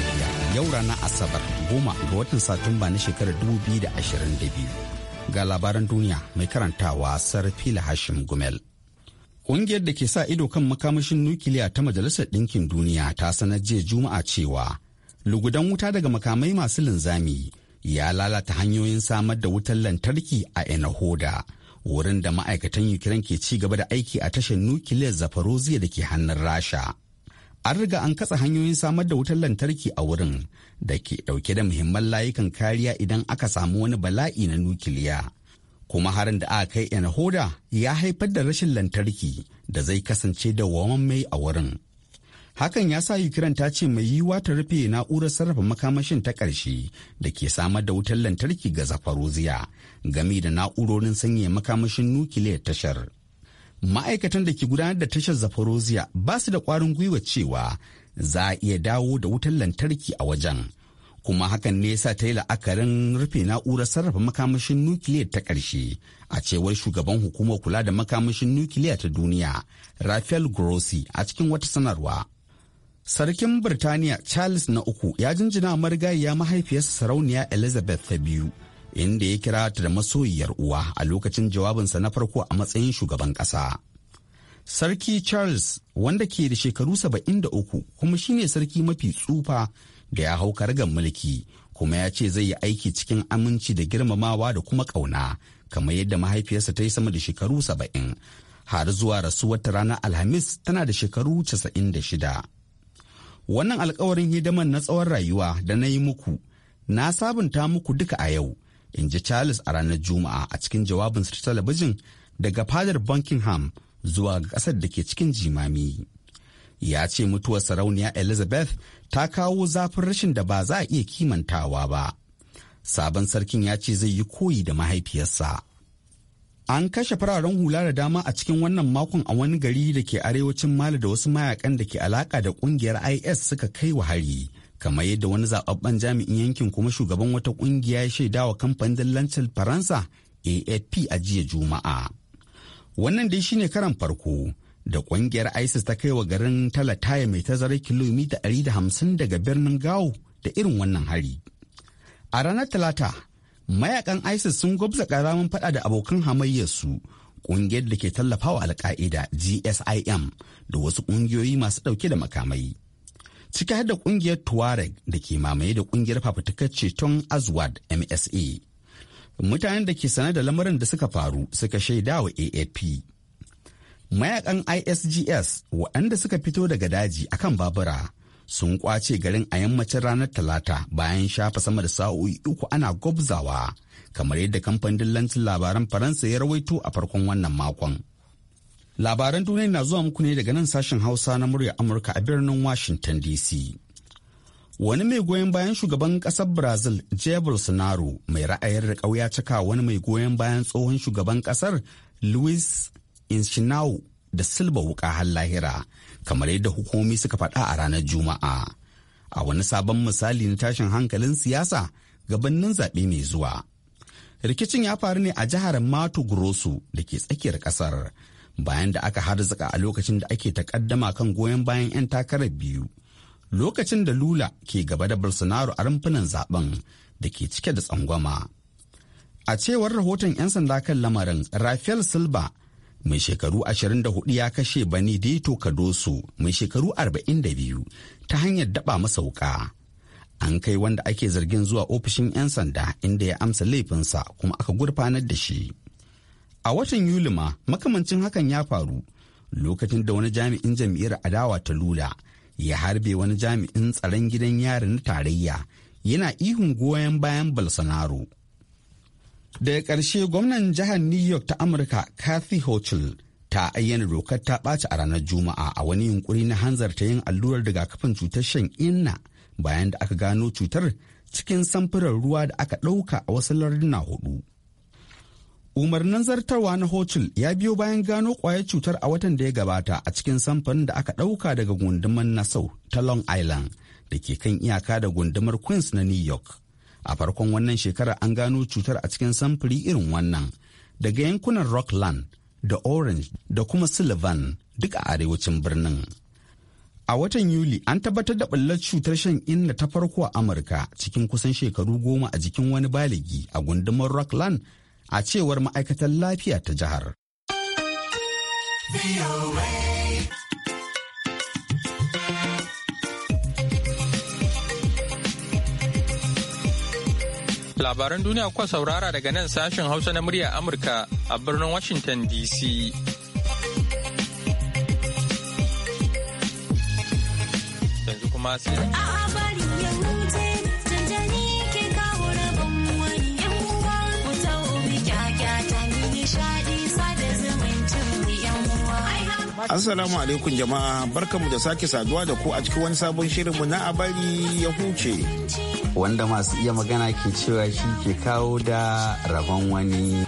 lafiya. Yau ranar Asabar goma ga watan Satumba na shekarar dubu da biyu. Ga labaran duniya mai karantawa Sarfila Hashim Gumel. Ƙungiyar da ke sa ido kan makamashin nukiliya ta Majalisar Ɗinkin Duniya ta sanar jiya Juma'a cewa lugudan wuta daga makamai masu linzami ya lalata hanyoyin samar da wutar lantarki a Enahoda. wurin da ma'aikatan Ukraine ke ci gaba da aiki a tashar nukiliyar Zaporozhye da ke hannun Rasha. an riga an katsa hanyoyin samar da wutar lantarki a wurin da ke dauke da muhimman layukan kariya idan aka samu wani bala'i na nukiliya kuma harin da aka kai hoda ya haifar da rashin lantarki da zai kasance da mai a wurin hakan ya sa ukraine ta ce mai yiwuwa ta rufe na'urar sarrafa makamashin ta ƙarshe da ke samar da wutar lantarki ga zafaroziya Gami da na'urorin sanya makamashin nukiliyar tashar ma'aikatan da ke gudanar da tashar zaporozhia ba su da kwarin gwiwa cewa za a iya dawo da wutar lantarki a wajen kuma hakan ne sa ta yi la'akarin rufe na'urar sarrafa makamashin nukiliya ta ƙarshe a cewar shugaban hukumar kula da makamashin nukiliya ta duniya rafael grossi a cikin wata sanarwa sarkin birtaniya charles na uku ya jinjina marigayiya mahaifiyarsa sarauniya elizabeth ta biyu inda ya kira ta da masoyiyar uwa a lokacin jawabinsa na farko a matsayin shugaban ƙasa. Sarki Charles wanda ke da shekaru saba'in da uku kuma shine sarki mafi tsufa da ya hau kargan mulki kuma ya ce zai yi aiki cikin aminci da girmamawa da kuma ƙauna kamar yadda mahaifiyarsa ta yi sama da shekaru saba'in har zuwa rasuwar ta ranar Alhamis tana da shekaru casa'in da shida. Wannan alkawarin hidaman na tsawon rayuwa da na yi muku na sabunta muku duka a yau in ji charles a ranar juma'a a cikin jawabinsa ta talabijin daga fadar buckingham zuwa ga ƙasar da ke cikin jimami ya ce mutuwar sarauniya elizabeth ta kawo zafin rashin da ba za a iya kimantawa ba sabon sarkin ya ce zai yi koyi da mahaifiyarsa an kashe fararen hula da dama a cikin wannan makon a wani gari da ke arewacin mali da wasu mayakan da ke alaka da kungiyar is suka kai wa hari kamar yadda wani zababben jami'in yankin kuma shugaban wata kungiya ya shaidawa kamfanin dillancin faransa afp a jiya juma'a wannan dai shine karan farko da kungiyar isis ta kai wa garin talataya mai tazarar kilomita 150 daga birnin gawo da irin wannan hari a ranar talata mayakan isis sun gwabza karamin fada da abokan hamayyarsu kungiyar da ke tallafawa alka'ida gsim da wasu kungiyoyi masu dauke da makamai ciki har da kungiyar tuareg da ke mamaye da kungiyar fafutukar ceton azwad msa mutanen da ke sanar da lamarin da suka faru suka shaida wa afp mayakan isgs waɗanda suka fito daga daji akan babura sun kwace garin a yammacin ranar talata bayan shafa sama da sa'o'i uku ana gwabzawa kamar yadda kamfanin dillancin labaran faransa ya rawaito a farkon wannan makon. Labaran duniya na zuwa muku ne daga nan sashen Hausa na muryar Amurka a birnin Washington DC. Wani mai goyon bayan shugaban ƙasar Brazil, Jair Bolsonaro, mai ra'ayar da ƙauya cika wani mai goyon bayan tsohon shugaban ƙasar Luis Inchinau da Silba wuka har lahira, kamar yadda hukumomi suka faɗa a ranar Juma'a. A wani sabon misali na tashin hankalin siyasa gabanin zaɓe mai zuwa. Rikicin ya faru ne a jihar Mato Grosso da ke tsakiyar ƙasar. bayan da aka harzika a lokacin da ake takaddama kan goyon bayan 'yan takarar biyu lokacin da lula ke gaba da bolsonaro a rumfunan zaben da ke cike da tsangwama a cewar rahoton 'yan sanda kan lamarin rafael silva mai shekaru 24 ya kashe bani deto kadoso mai shekaru 42 ta hanyar daba masa wuka an kai wanda ake zargin zuwa ofishin 'yan sanda inda ya amsa laifinsa kuma aka gurfanar da shi. A watan Yuli ma makamancin hakan ya faru lokacin da wani jami'in jam'iyyar adawa ta lula ya harbe wani jami'in tsaron gidan yari na tarayya yana ihun goyon bayan Bolsonaro. Daga ƙarshe gwamnan jihar New York ta Amurka Kathy Hochul ta ayyana dokar ta ɓaci a ranar Juma'a a wani yunkuri na hanzarta yin allurar rigakafin cutar shan inna bayan da aka gano cutar cikin samfuran ruwa da aka ɗauka a wasu larduna hudu. umarnin zartarwa na hochul ya biyo bayan gano kwayar cutar a watan da ya gabata a cikin samfurin da aka ɗauka daga gundumar nassau ta long island da ke kan iyaka da gundumar queens na new york a farkon wannan shekarar an gano cutar a cikin samfuri irin wannan daga yankunan rockland da orange da kuma sullivan duk a arewacin birnin a watan yuli an tabbatar da ɓullar cutar shan inna ta farko a amurka cikin kusan shekaru goma a jikin wani baligi a gundumar rockland a cewar ma'aikatan lafiya ta jihar. Labaran duniya kuwa saurara daga nan sashen Hausa na murya Amurka a birnin Washington DC. Yanzu kuma sai. Assalamu alaikum jama'a barkanmu da sake saduwa da ku a cikin wani sabon shirinmu na abari ya huce. Wanda masu iya magana ke cewa shi ke kawo da rabon wani.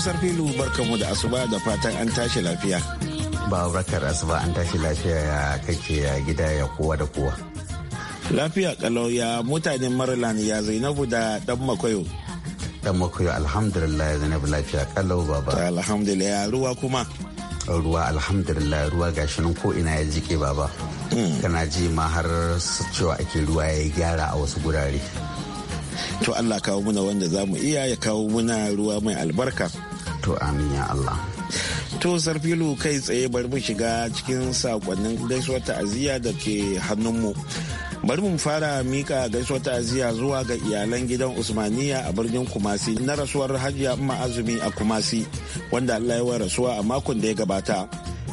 sarfilu barkamu da asuba da fatan an tashi lafiya. rakar asuba an tashi lafiya ya kake ya gida ya kowa da kowa. Lafiya kalau ya mutanen Maryland ya Zainabu da dan Makwayo. Dan Makwayo alhamdulillah ya Zainabu lafiya kalau baba. Alhamdulillah ruwa kuma. ruwa alhamdulillah ruwa gashi nan ko ina ya jike baba. Hmm. Kana ji ma har cewa ake ruwa ya gyara a wasu gurare. to Allah kawo muna wanda za mu iya ya kawo muna ruwa mai albarka to amin ya Allah to sarfilu kai tsaye bari mu shiga cikin sakonnin gaisuwar ta'aziyya da ke hannunmu bari mu fara mika gaisuwar ta'aziyya zuwa ga iyalan gidan usmaniya a birnin kumasi na rasuwar hajiya amma azumi a kumasi wanda allah ya rasuwa a makon da ya gabata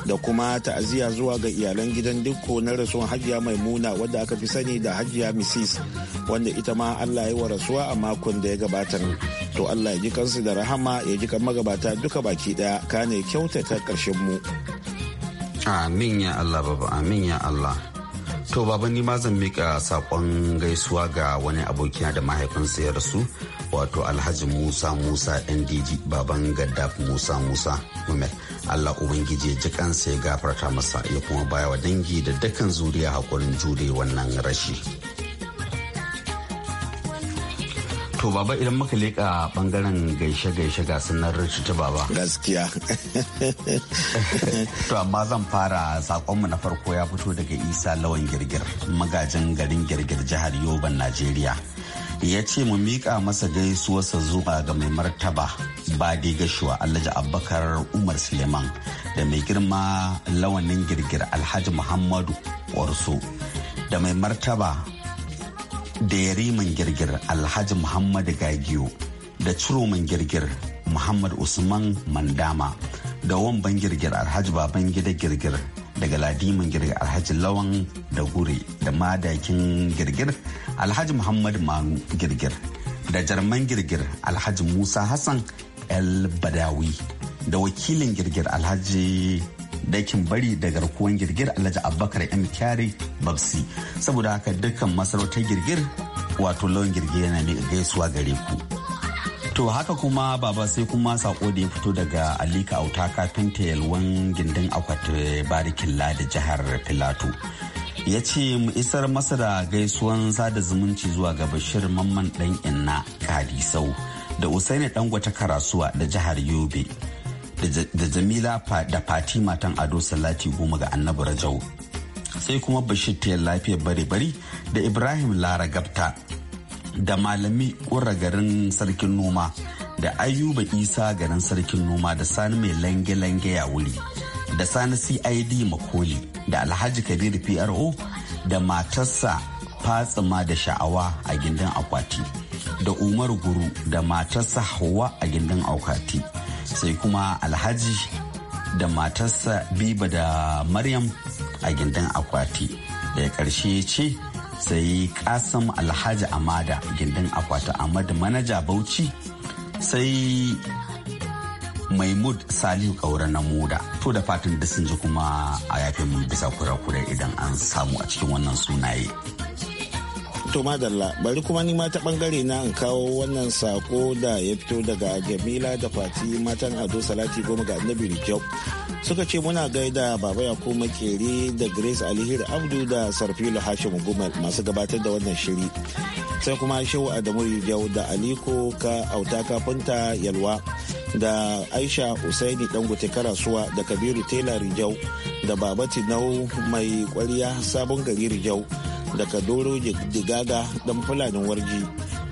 da kuma ta'aziyya zuwa ga iyalan gidan dukko na rasuwar hajiya maimuna wadda aka fi sani da hajiya misis. wanda ita ma Allah ya yi wa rasuwa a makon da ya gabata To Allah ya ji kansu da rahama ya ji kan magabata duka baki daya kane kyautata karshen mu. Amin ya Allah baba amin ya Allah. To baba ni ma zan mika sakon gaisuwa ga wani abokina da mahaifinsa ya rasu wato Alhaji Musa Musa NDG baban Gaddaf Musa Musa Muhammad. Allah Ubangiji ya ji kansa ya gafarta masa ya kuma baya wa dangi da dukkan zuriya hakurin jure wannan rashi. to baba idan muka leƙa bangaren gaishe-gaishe ga sunan ta baba gaskiya to amma zan fara sakonmu na farko ya fito daga isa lawan girgir magajin garin girgir jihar yoban najeriya ya ce mu miƙa masa gaisuwarsa zuwa ga mai martaba ba dai gashuwa alhaji abubakar umar suleiman da mai girma lawanin girgir alhaji muhammadu warso da mai martaba da yariman girgir alhaji muhammadu gagiyo da ciroman girgir muhammad usman mandama da wamban girgir alhaji baban gida girgir daga ladiman girgir alhaji lawan da gure da madakin girgir alhaji muhammad manu girgir da jarman girgir alhaji musa hassan el badawi da wakilin girgir alhaji dakin bari da garkuwan girgir alhaji abubakar m kyari babsi saboda haka dukkan masarautar girgir wato lawan girgir yana ne gaisuwa gare ku to haka kuma baba sai kuma sako da ya fito daga alika auta kafinta yalwan gindin akwati barikin ladi jihar filato ya ce mu isar masa da gaisuwan sada zumunci zuwa ga bashir mamman dan inna kadisau da usaini dangwata karasuwa da jihar yobe da jamila da fati matan ado salati goma ga annabi rajau sai kuma bashir ta lafiyar bare-bari da ibrahim laragabta da malami ƙura garin sarkin noma da ayuba isa garin sarkin noma da sani mai lange-lange ya wuri da sani cid makoli da alhaji kabir pro da matarsa fatsima da sha'awa a gindin akwati da umar guru da matarsa hawa a gindin akwati sai kuma alhaji da matarsa biba da maryam a gindin akwati ya karshe ce sai kasam alhaji amada gindin akwati amadu manaja bauchi sai maimud salihu ƙaura na muda to da fatan da sun ji kuma a yafin bisa kura-kura idan an samu a cikin wannan sunaye. To madalla bari kuma ni ta bangare na in kawo wannan sako da ya fito daga Jamila da Fati matan Ado Salati goma ga Annabi Rijau. Suka ce muna gaida Baba Yakubu makeri da Grace Alihir Abdu da Sarfilu Hashim Gumal masu gabatar da wannan shiri. Sai kuma Shehu Adamu Rijau da Aliko ka auta kafinta Yalwa da Aisha Usaini Dangote Karasuwa da Kabiru Tela Rijau da Babati Nau mai kwariya sabon gari Rijau. da doro digaga dan fulanin warji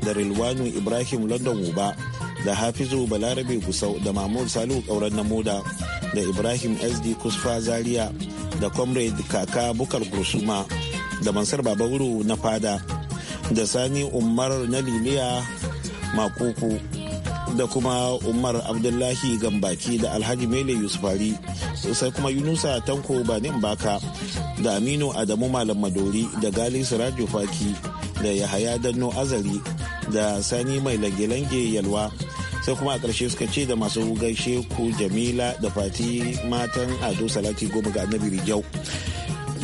da rilwanu ibrahim london uba da hafizu balarabe gusau da mahmud salihu kauran moda da ibrahim sd kusfa zaria da comrade kaka bukar gursuma da mansar babauru na fada da sani umar na liliya makoko da kuma umar abdullahi gambaki da alhaji mele yusufari sai kuma yunusa tanko ba baka da aminu adamu malam madori da gali sirajo faki da yahaya danno azari da sani mai lange-lange yalwa sai kuma a ƙarshe suka ce da masu gaishe ku jamila da fati matan ado salati goma ga annabi rijau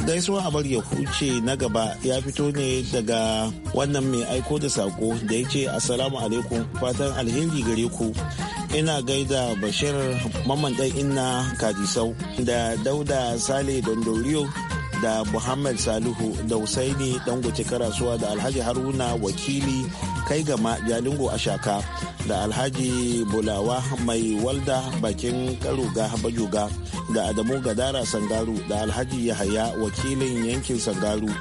gaisuwa a bar ya huce na gaba ya fito ne daga wannan mai aiko da sako da ya ce assalamu alaikum fatan alheri gare ku ina gaida bashir mamman dan inna kadisau da dauda sale doriyo da Muhammad Salihu da Usaini Dangote Karasuwa da Alhaji Haruna Wakili kai gama Jalingo Ashaka da Alhaji Bulawa Mai Walda Bakin Karuga Bajuga da Adamu Gadara Sangaru da Alhaji Yahaya Wakilin Yankin Sangaru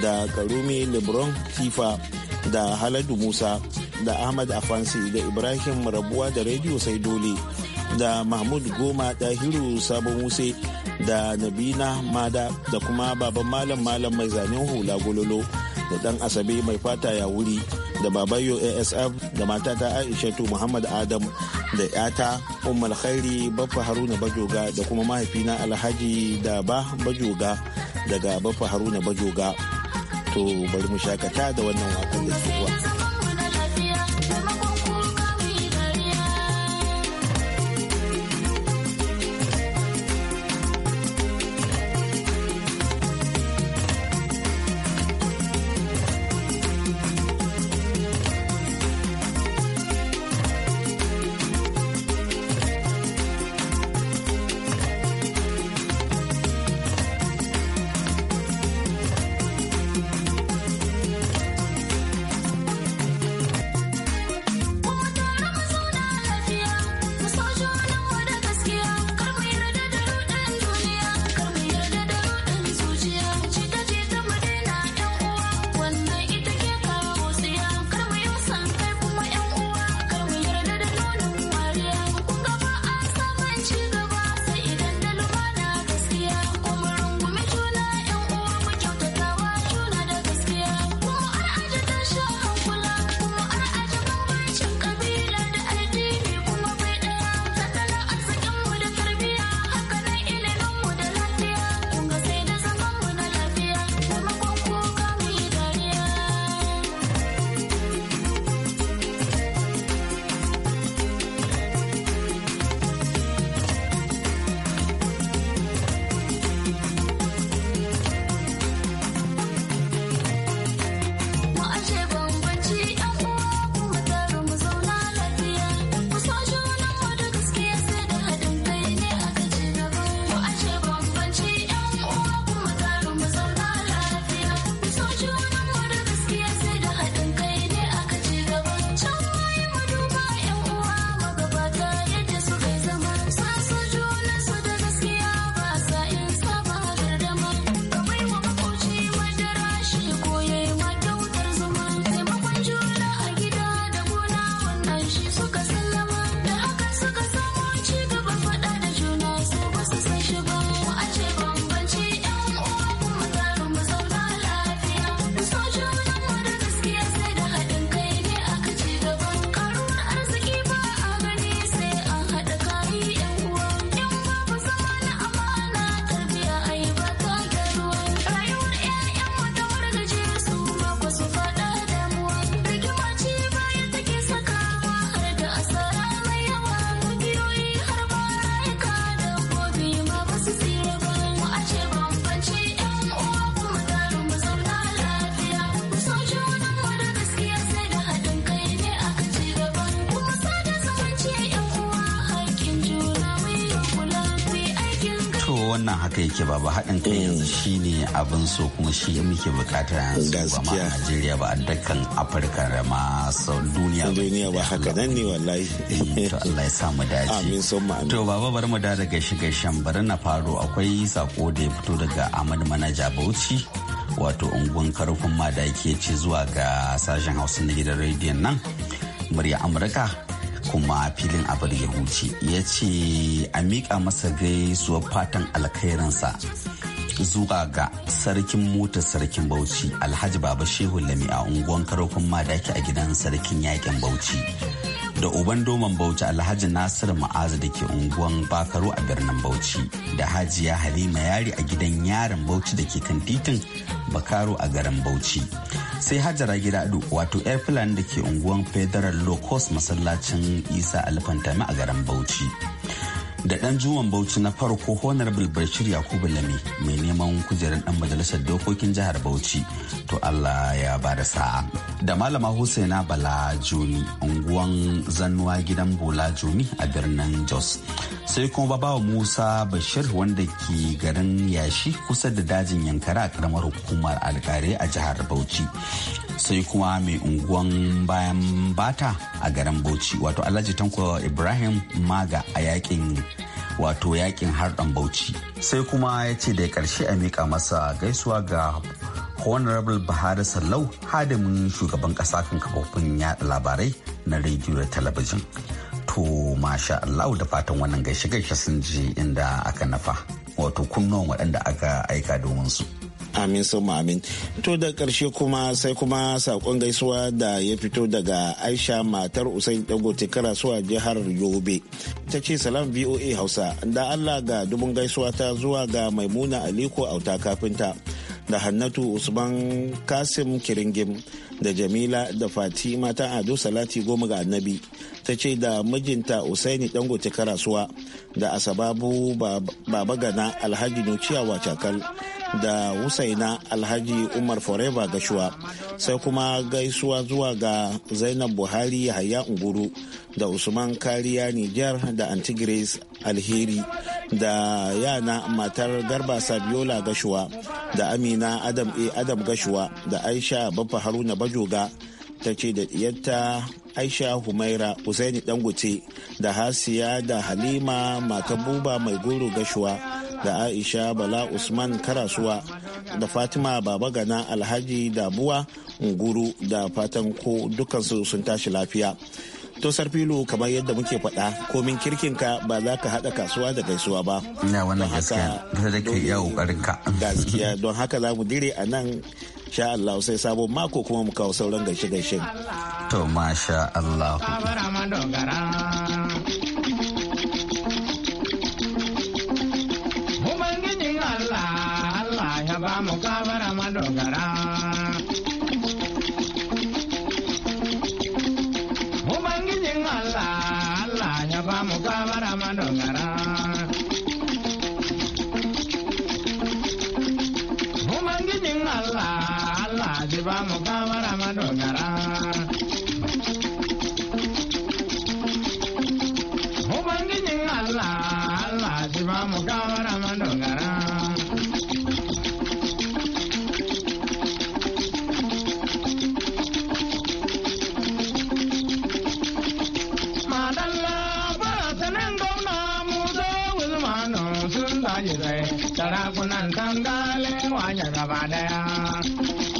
da Karumi Lebron Kifa da Haladu Musa da Ahmad Afansi da Ibrahim Rabuwa da rediyo Sai Dole da mahmud goma dahiru sabon wuse da nabina mada da kuma baban malam malam mai zanen hula gololo da dan asabe mai fata ya wuri da babayo asf da matata aishatu muhammad adam da yata umar khairi baffa haruna bajoga da kuma mahaifina alhaji da ba bajoga daga baffa haruna bajoga to bari mu shakata da wannan wakan da ke yake ba ba haɗin kai eh. yanzu shine abin so kuma shi muke bukata yanzu ba ma Najeriya ba a dukkan Afirka da ma duniya duniya ba haka nan ne wallahi eh, to Allah ya sa mu dace amin so ma to baba bari mu da daga shiga shan bari na faro akwai sako da ya fito daga Ahmad Manaja Bauchi wato unguwan karfin madaki ya ce zuwa ga sashen hausa na gidan rediyon nan murya amurka kuma filin abar ya huce ya ce a miƙa masa gaisuwar fatan alkhairinsa zuwa ga sarkin mota sarkin bauchi alhaji baba shehu lami a unguwan karokon madaki a gidan sarkin yakin bauchi da uban doman bauchi alhaji nasir ma'azu da ke unguwan bakaro a birnin bauchi da hajiya halima yari a gidan yarin bauchi da ke kan titin bakaro a garin bauchi sai hajara gida ado wato yar da ke unguwan federal low cost masallacin isa alfantami a garin bauchi da ɗan juwan bauchi na farko bilbar bashir yakubu lami mai neman kujerar ɗan majalisar dokokin jihar bauchi to allah ya ba da sa'a da malama husaina bala joni unguwan zannuwa gidan bola joni a birnin jos sai kuma bawa musa bashir wanda ke garin yashi kusa da dajin yankara a karamar hukumar alkare a jihar bauchi sai kuma mai unguwan bayan bata a garin bauchi wato alhaji tanko ibrahim maga a yakin wato yakin harɗan bauchi sai kuma ya ce da ƙarshe a miƙa masa gaisuwa ga honorable bahari sallau hadimin shugaban ƙasa kan kafofin yada labarai na rediyo da talabijin to masha Allah da fatan wannan gaishe gaishe sun ji inda aka nafa wato kunnuwan waɗanda aka aika domin su. amin sun amin to da karshe kuma sai kuma sakon gaisuwa da ya fito daga aisha matar usain dangote karasuwa jihar yobe ta ce salam voa hausa da allah ga dubin gaisuwa ta zuwa ga maimuna aliko auta kafinta da hannatu usman kasim kiringim da jamila da fati ta ado salati goma ga annabi ta ce da mijinta usaini dangote karasuwa da asababu baba gana alhaji nuciya wacakal da Husaina Alhaji Umar Forever Gashuwa sai kuma gaisuwa zuwa ga Zainab Buhari Yahaya Unguru da Usman Kariya niger da Antigres Alheri da yana matar Garba Sabiola Gashuwa da Amina Adam A. Adam Gashuwa da Aisha babba Haruna Bajoga ta ce da diyarta aisha humaira usaini danguti da hasiya da halima matan buba mai guru gashuwa da aisha bala usman karasuwa da fatima baba babagana alhaji dabuwa nguru da fatan ko dukansu sun tashi lafiya to sarfilu kamar yadda muke faɗa komin kirkin ka ba za ka haɗa kasuwa da gaisuwa ba ina wannan gaskiya don haka za mu dire a nan sha Allah sai sabon mako kuma mu kawo sauran gaishe gaishe to masha Allah Allah ya ba mu kabara madogara Thank you.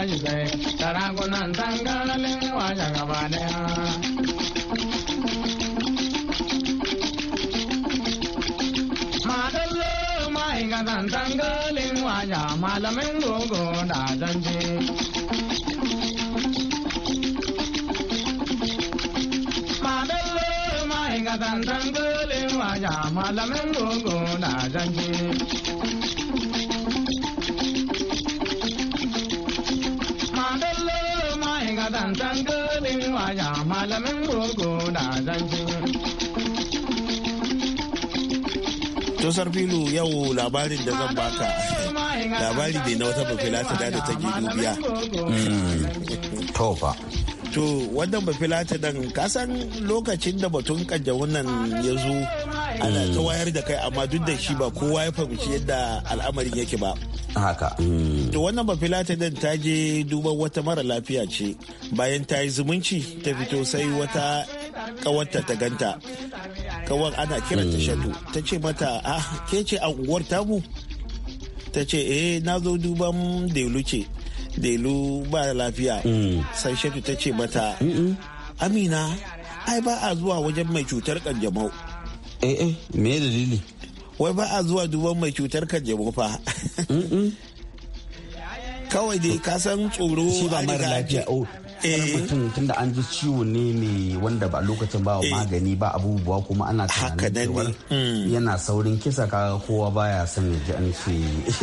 tashi sai sarakunan tangaralin waje gaba daya. Madallo ma'aikatan tangalin malamin gogo da zanje. ma'aikatan malamin gogo da zanje. to Filu yau labarin da zan baka labari ne na wata bafilata da ta dubiya mm. to to wannan bafilata dan kasan lokacin da batun kanjawun nan ya zo ana ta mm. wayar da kai amma duk da shi ba kowa ya fahimci yadda al'amarin yake ba haka to wannan bafilata dan ta je duban wata mara lafiya ce bayan ta yi zumunci ta fito sai wata ƙawarta ta ganta kawar ana kiranta hmm. shatu ta ce mata ah ke ce a unguwar tamu ta ce eh na zo duban delu ce delu ba lafiya hmm. sai shatu ta ce mata amina ai ba a zuwa wajen mai cutar kanjamau eh eh me dalili wai ba a zuwa duban mai cutar kanjamau fa kawai dai ka san tsoro shi ba mara lafiya Eh. mutum da an ji ciwo ne mai wanda ba lokacin ba eh. magani ba abubuwa kuma ana tunanin hmm. yana saurin kisa ka kowa baya son ya ji an ce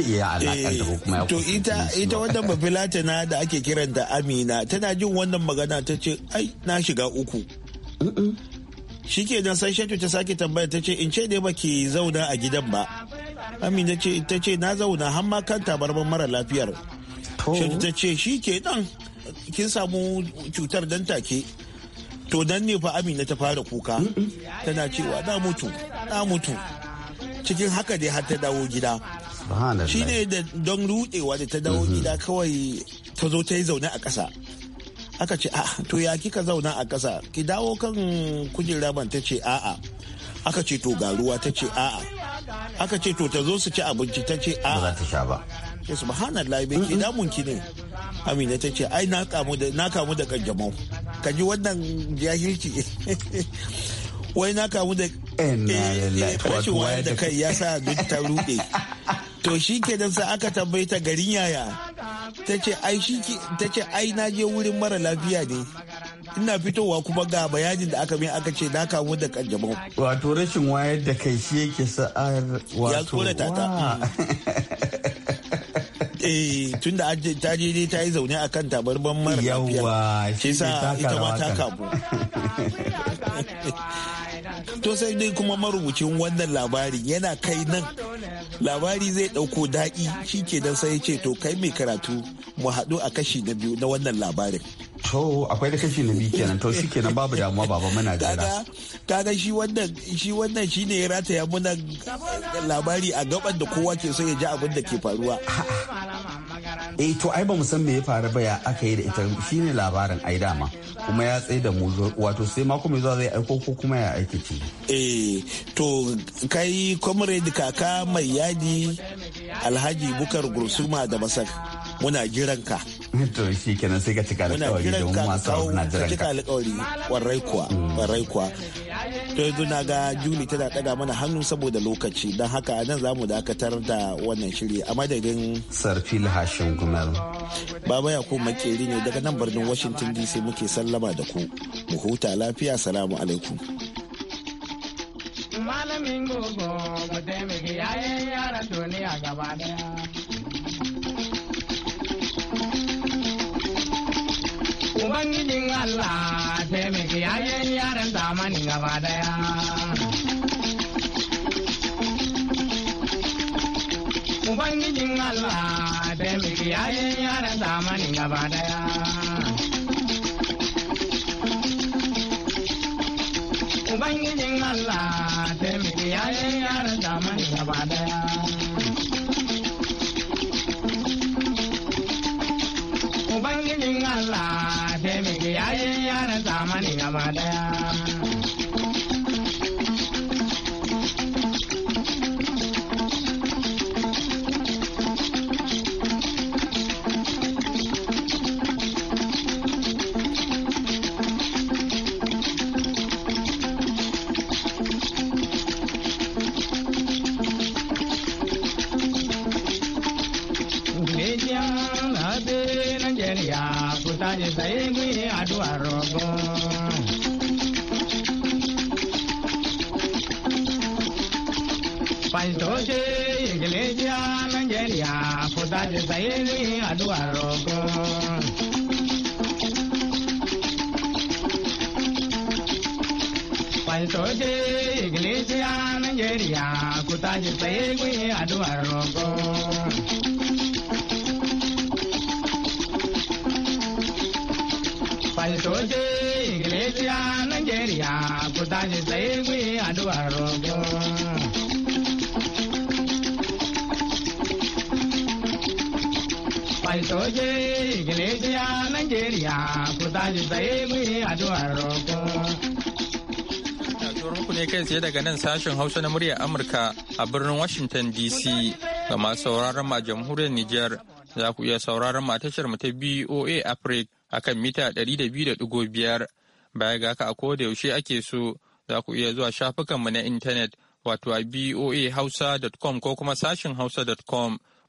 ya alaƙar da kuma ya eh, to ita ita wannan bafilata na da ake kiran da amina tana jin wannan magana ta ce ai na shiga uku shi ke nan sai shatu ta sake tambaya ta ce in ce ne baki zauna a gidan ba amina ta ce na zauna har ma kan tabarman mara lafiyar shatu ta ce shi ke nan kin samu cutar dan take to dan ne fa amina ta fara kuka tana cewa na mutu na mutu cikin haka dai har ta dawo gida shi ne da don rudewa da ta dawo mhm. gida kawai ta zo ta yi zaune a ƙasa aka ce a ah, to ya kika zauna a ƙasa ki dawo kan kujera ban ta ce a'a aka ce to ga ruwa ta ce a'a aka ce to ta zo su ci abinci ta ce a. ba za ta sha ba ya subhanallah bai ke damun ki ne amina ta ce ai na kamu da kanjamau ka ji wannan jahilci wai na kamu da eh, rashin wayar da kai ya sa duk ta ruɗe. to shi ke dan sa aka tambayi ta garin yaya ta ce ai na je wurin mara lafiya ne ina fitowa kuma ga bayanin da aka mai aka ce na kamu da kanjamau wato rashin wayar da kai shi yake sa'ar wato ya tsorata ta mm. eh tun da ta je ne ta yi zaune a kan tabarban mara lafiya shi sa ita ma ta kamu to sai dai kuma marubucin wannan labari yana kai nan labari zai ɗauko daɗi shi ke dan sai ce to kai mai karatu mu haɗu a kashi na biyu na wannan labarin to akwai da kashi na biyu kenan to shi kenan babu damuwa baba muna gara kaga shi wannan shi wannan shine ya rataya muna labari a gaban da kowa ke so ya ji abin da ke faruwa eh to ai ba mu san me ya faru ba ya aka yi da ita shine labarin ai dama kuma ya tsaye da mu wato sai mako mai zuwa zai aiko ko kuma ya aiki ki eh to kai comrade kaka mai yadi alhaji bukar gursuma da Basar. muna jiran ka to shi kenan sai ka cika alƙawari don masu abu na jiran ka cika alƙawari kwarai kuwa mm. kwarai kuwa to yanzu na ga juli tana daga mana hannu saboda lokaci don haka nan za mu dakatar da wannan shiri a madadin sarfil hashin gumel baba ya kuma makeri ne daga nan birnin washington dc muke sallama da ku mu huta lafiya salamu alaikum malamin gogo mu taimaki yayan yaran duniya gaba daya Ubangijin Allah taimaki yayin yaran zamani gaba daya. Ubangijin Allah taimaki yayin yaran zamani gaba daya. Ubangijin Allah taimaki yayin yaran zamani gaba daya. Pantoshe iglesia nangelia potaje sairi aduaroko. Pantoshe iglesia nangelia potaje sairi aduaroko. Pantoshe iglesia nangelia potaje sairi aduaroko. oye ku tashi tsaye mu yi addu'ar ne kai tsaye daga nan sashen Hausa na muryar Amurka a birnin Washington DC ga masu sauraron ma jamhuriyar Nijar za ku iya sauraron ma tashar mu ta BOA Africa akan mita 200.5 baya ga haka a koda yaushe ake so za ku iya zuwa shafukanmu na intanet wato a boahausa.com ko kuma sashin hausa.com